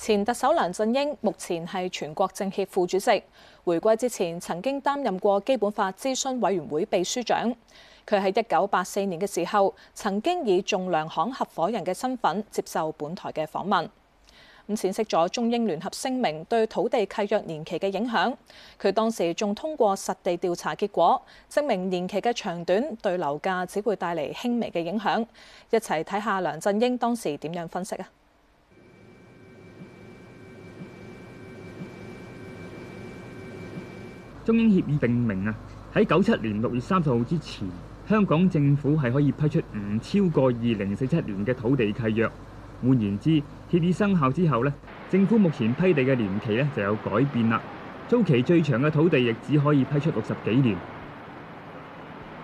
前特首梁振英目前係全國政協副主席，回歸之前曾經擔任過基本法諮詢委員會秘書長。佢喺一九八四年嘅時候曾經以仲量行合伙人嘅身份接受本台嘅訪問，咁闡釋咗中英聯合聲明對土地契約年期嘅影響。佢當時仲通過實地調查結果，證明年期嘅長短對樓價只會帶嚟輕微嘅影響。一齊睇下梁振英當時點樣分析啊！《中英協議》定明啊，喺九七年六月三十號之前，香港政府係可以批出唔超過二零四七年嘅土地契約。換言之，協議生效之後呢，政府目前批地嘅年期呢就有改變啦。租期最長嘅土地亦只可以批出六十幾年。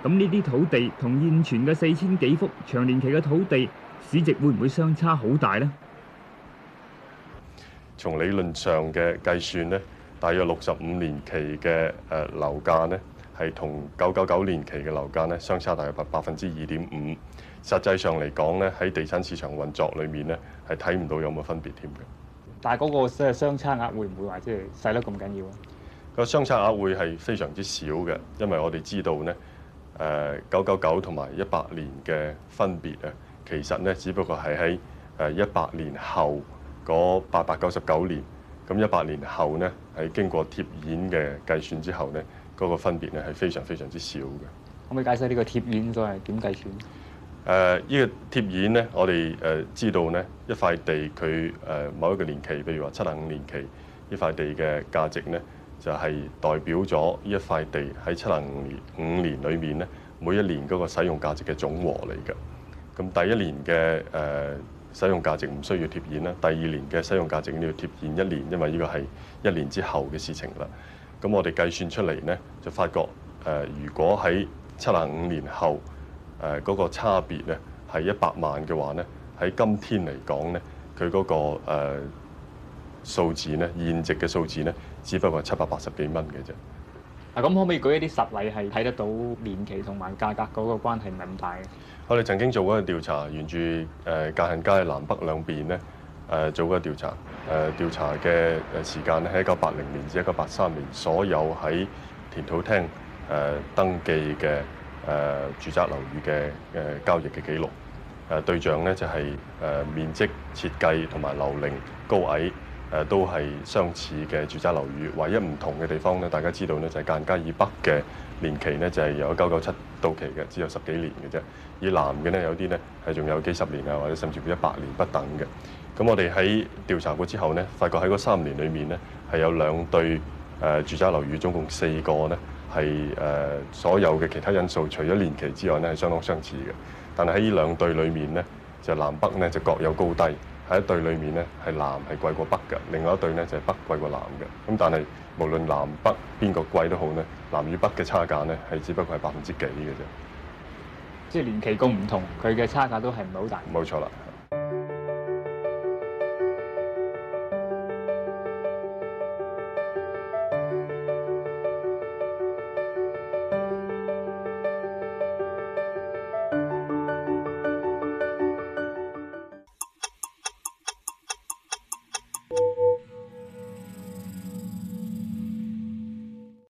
咁呢啲土地同現存嘅四千幾幅長年期嘅土地市值會唔會相差好大呢？從理論上嘅計算呢，大約六十五年期嘅誒樓價呢，係同九九九年期嘅樓價呢相差大約百百分之二點五。實際上嚟講呢，喺地產市場運作裏面呢，係睇唔到有乜分別添嘅。但係嗰個即係相差額會唔會話即係細得咁緊要啊？個相差額會係、那個、非常之少嘅，因為我哋知道呢，誒九九九同埋一百年嘅分別啊，其實呢，只不過係喺誒一百年後嗰八百九十九年，咁一百年後咧，係經過貼現嘅計算之後咧，嗰、那個分別咧係非常非常之少嘅。可唔可以解釋呢個貼現所謂點計算咧？誒、呃，依、這個貼現咧，我哋誒、呃、知道咧，一塊地佢誒、呃、某一個年期，譬如話七十五年期，呢塊地嘅價值咧，就係代表咗依一塊地喺七十五年五年裏面咧，每一年嗰個使用價值嘅總和嚟嘅。咁第一年嘅誒。呃使用價值唔需要貼現啦，第二年嘅使用價值你要貼現一年，因為呢個係一年之後嘅事情啦。咁我哋計算出嚟呢，就發覺誒、呃，如果喺七十五年後誒嗰、呃那個差別呢係一百萬嘅話呢，喺今天嚟講呢，佢嗰、那個誒、呃、數字呢，現值嘅數字呢，只不過係七百八十幾蚊嘅啫。啊，咁可唔可以舉一啲實例係睇得到年期同埋價格嗰個關係係唔大嘅？我哋曾經做嗰個調查，沿住誒界限街南北兩邊咧、呃、做嗰個調查。誒、呃、調查嘅時間咧係一九八零年至一九八三年，所有喺田土廳、呃、登記嘅、呃、住宅樓宇嘅、呃、交易嘅記錄、呃。對象咧就係、是呃、面積設計同埋樓齡高矮。都係相似嘅住宅樓宇，唯一唔同嘅地方咧，大家知道呢，就係界限街以北嘅年期呢，就係由九九七到期嘅，只有十幾年嘅啫；以南嘅呢，有啲呢係仲有幾十年啊，或者甚至乎一百年不等嘅。咁我哋喺調查過之後呢，發覺喺嗰三年裏面呢，係有兩對住宅樓宇，總共四個呢，係誒所有嘅其他因素，除咗年期之外呢，係相當相似嘅。但係喺呢兩對裏面呢，就南北呢，就各有高低。喺一對裏面呢，係南係貴過北㗎；另外一對呢，就係、是、北貴過南嘅。咁但係無論南北邊個貴都好呢，南與北嘅差價呢，係只不過係百分之幾嘅啫。即係連期工唔同，佢、嗯、嘅差價都係唔係好大。冇錯啦。